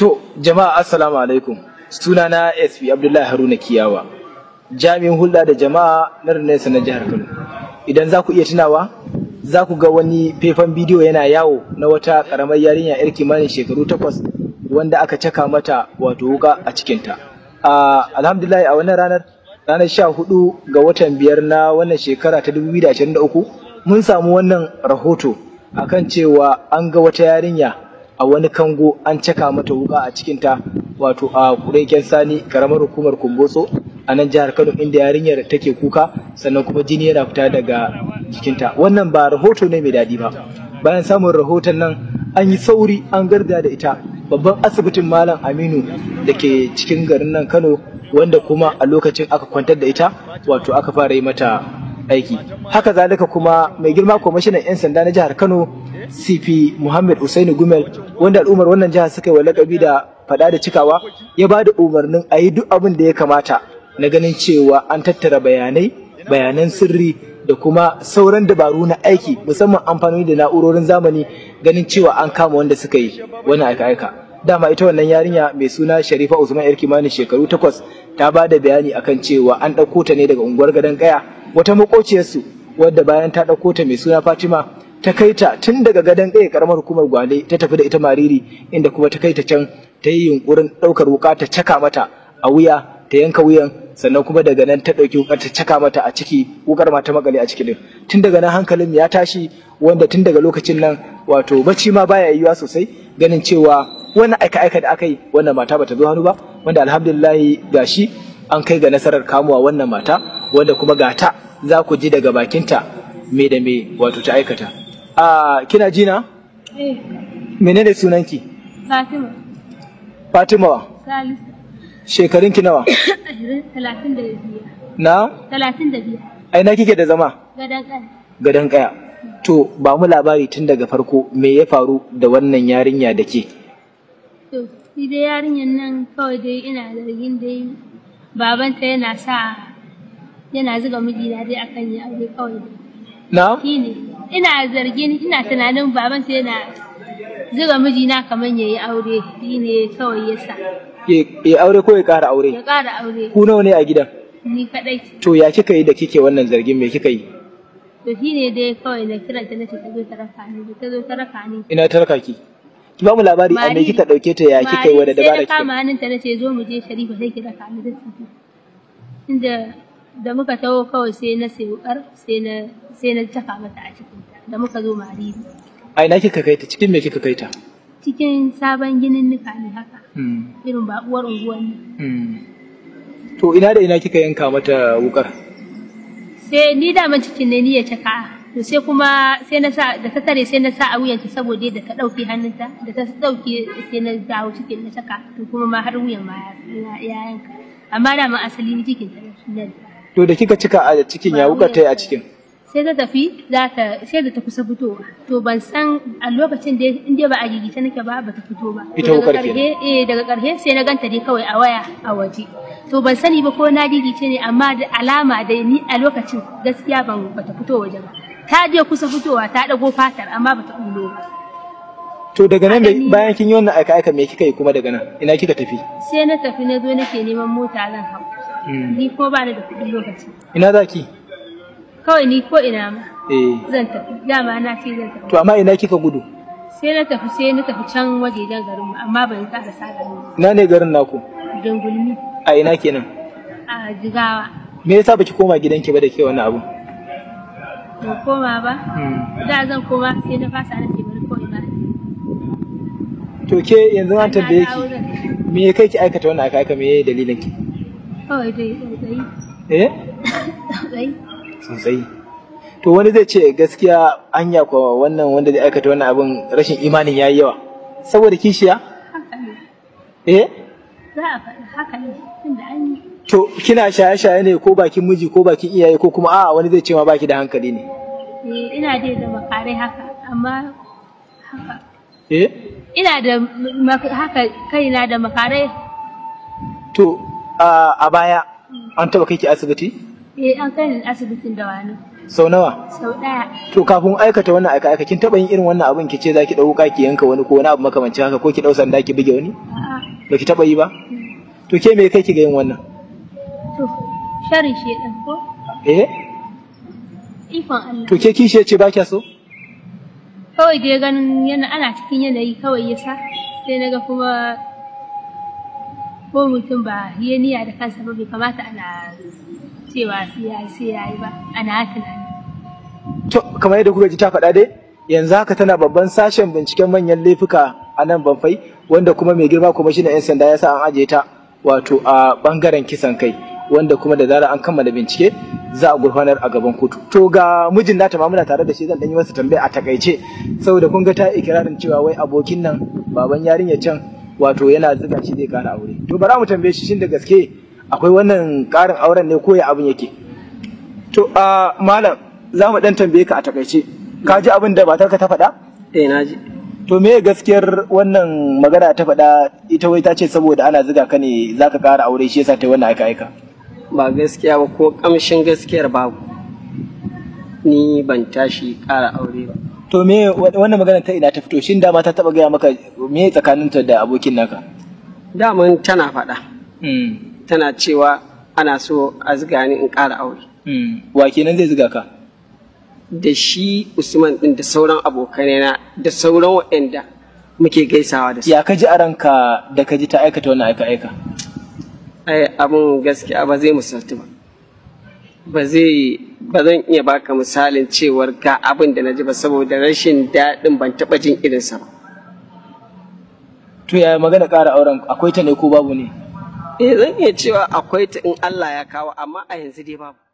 To, jama'a assalamu alaikum. Sunana SP Abdullahi Haruna Kiyawa. Jami'in hulɗa da jama'a na Rinesa na jihar Kano. Idan za ku iya tunawa, za ku ga wani faifan bidiyo yana yawo na wata ƙaramar yarinya 'yar kimanin shekaru takwas wanda aka caka mata wato wuka a cikinta. Alhamdulillah a wannan ranar ranar sha hudu ga watan biyar na wannan shekara ta biyu da da uku, mun samu wannan rahoto akan cewa an ga wata yarinya a wani kango an caka mata wuka a cikinta wato a kureken sani karamar hukumar kumbotso a nan jihar kano inda yarinyar take kuka sannan kuma jini yana fita daga jikinta wannan ba rahoto ne mai daɗi ba bayan samun rahoton nan an yi sauri an garda da ita babban asibitin malam aminu da ke cikin garin nan kano wanda kuma a lokacin aka kwantar da ita wato aka fara yi mata aiki haka zalika kuma mai girma kwamishinan 'yan sanda na jihar kano cp muhammad usaini gumel wanda al'ummar wannan jihar suka yi wa lakabi da fada da cikawa ya ba da umarnin a yi duk abin da ya kamata na ganin cewa an tattara bayanai bayanan sirri da kuma sauran dabaru na aiki musamman amfani da na'urorin zamani ganin cewa an kama wanda suka yi wani aika-aika dama ita wannan yarinya mai suna Sharifa Usman yar kimanin shekaru takwas ta ba da bayani akan cewa an ɗauko ta ne daga unguwar gadon kaya wata makociyarsu wadda bayan ta ɗauko ta mai suna Fatima ta kai ta tun daga gadon ɗaya ƙaramar hukumar Gwale ta tafi da ita Mariri inda kuma ta kai ta can ta yi yunkurin ɗaukar wuƙa ta caka mata a wuya ta yanka wuyan sannan kuma daga nan ta ɗauki wuƙa ta caka mata a ciki wuƙar ma ta makale a ciki din tun daga nan hankalin ya tashi wanda tun daga lokacin nan wato bacci ma baya yiwuwa sosai ganin cewa wani aika-aika da aka yi wannan mata bata zo hannu ba wanda alhamdulillahi gashi an kai ga nasarar kamuwa wannan mata wanda kuma gata za ku ji daga bakinta me da me wato ta aikata a kina jina eh. ne sunanki fatima fatima wa. shekarun ki nawa na talatin ai na kike da zama gadan kaya gadan kaya to ba mu labari tun daga farko me ya faru da wannan yarinya da ke to ni dai yarinyan nan kawai dai ina zargin dai babanta yana sa yana zuga mijina dai akan ya aure kawai na'am shine ina zargin ina tunanin babanta yana zuga mijina kaman yayi aure shine kawai yasa ya aure ko ya ƙara aure ya ƙara aure ku nawa ne a gidan ni kadai to ya kika yi da kike wannan zargin me kika yi to shine dai kawai na kiranta na ta zo ta raka ni ta zo ta raka ni ina ta raka ki ki ba mu labari a mai kika dauke ta ya kika yi wadda dabara dabara ma kama sai ta ce, zo mu je sharifa sai ki raka ni da inda da muka taho kawai sai na sai wukar sai na sai na taka mata a cikin ta da muka zo mari a ina kika kai ta cikin me kika kai ta cikin sabon ginin nika ne haka hmm. irin ba uwar unguwan ne hmm. to ina da ina kika yanka mata wukar sai ni da cikin ne ni ya caka to sai kuma sai na sa da ta tare sai na sa a wuyanta saboda da ta dauki hannunta da ta dauki sai na dawo cikin na saka to kuma ma har wuyan ma ya yanka amma da ma asali ni cikin ta to da kika cika a cikin ya wuka ta a cikin sai ta tafi za ta sai da ta kusa fitowa to ban san a lokacin da in dai ba a gigice nake ba ba ta fito ba ita wukar kenan eh daga karshe sai na ganta dai kawai a waya a waje to ban sani ba ko na gigice ne amma da alama da ni a lokacin gaskiya ban ta fito waje ba ta je kusa fitowa ta dago fatar amma bata ulo ba to daga nan bayan kin yi wannan aika aika me kika yi kuma daga nan ina kika tafi sai na tafi na zo nake neman mota zan hau hmm. ni ko ba ni da kuɗi lokaci ina za ki kawai ni ko ina ma eh. zan tafi dama na ce zan tafi to amma ina kika gudu sai na tafi sai na tafi can wajejen garin mu amma ban ƙara sa garin ina ne garin naku dangulmi a ina kenan a jigawa me yasa baki koma gidanki ba da ke wannan abu mu koma ba hmm. da zan koma sai na fasa na bari kawai ba to ke yanzu an tambaye ki me ya kai ki aikata wannan aka aka me ya yi dalilin ki kawai dai tsautsayi eh tsautsayi tsautsayi to wani zai ce gaskiya anya kwa wannan wanda zai aikata wannan abin rashin imanin yayi yawa saboda kishiya eh za a faɗi haka ne tunda an yi to kina shaye-shaye ne ko bakin miji ko bakin iyaye ko kuma a'a wani zai ce ma baki da hankali ne Eh, ina dai da makarai haka amma haka eh ina da haka kaina da makarai to a baya an taba kai ki asibiti eh an kai asibitin da wani sau nawa sau daya to kafin aikata wannan aika aika kin taba yin irin wannan abin ki ce zaki dau wuka ki yanka wani ko wani abu makamancin haka ko ki dau sanda ki buge wani Ba ki taba yi ba to ke me kai ki ga yin wannan to sharin shedan ko eh Ikon Allah. To ke kishi ya ce ba kya so? Kawai dai ganin yana ana cikin yanayi kawai ya sa sai na ga kuma ko mutum ba ya niya da kansa ba bai kamata ana cewa sai ya yi ba ana tunani. To kamar yadda kuka ji ta faɗa dai yanzu haka tana babban sashen binciken manyan laifuka a nan banfai wanda kuma mai girma kuma shi 'yan sanda ya sa an ajiye ta wato a bangaren kisan kai wanda kuma da zara an kammala bincike za a gurfanar a gaban kotu to ga mijin nata ma muna tare da shi zan dan yi masa tambaya a takaice saboda kun ga ta ikirarin cewa wai abokin nan baban yarinya can wato yana zuga shi zai kara aure to bara mu tambaye shi shin da gaske akwai wannan karin auren ne ko ya abin yake to a malam za mu dan tambaye ka a takaice ka ji abin da matarka ta faɗa eh na ji to me gaskiyar wannan magana ta faɗa ita wai ta ce saboda ana zuga ka ne zaka kara aure shi yasa ta yi wannan aika aika ba gaskiya ba ko kamshin gaskiyar babu ni ban tashi ƙara aure ba to me wannan magana ta ina ta fito shin dama ta taba gaya maka me tsakaninta da abokin naka Dama tana faɗa hmm. tana cewa ana so a ziga ni in ƙara aure hmm. wa kenan zai ziga ka da shi usman ɗin da sauran abokanai da sauran waɗanda muke gaisawa da su ya kaji a ranka da kaji ta aikata wannan aika aika ai abin gaskiya ba zai musaltu ba ba zai ba zan iya baka misalin cewar ga abin da na ji ba saboda rashin daɗin ban taɓa jin irinsa ba to yaya magana ƙara auren akwai ta ne ko babu ne eh zan iya cewa akwai ta in Allah ya kawo amma a yanzu dai babu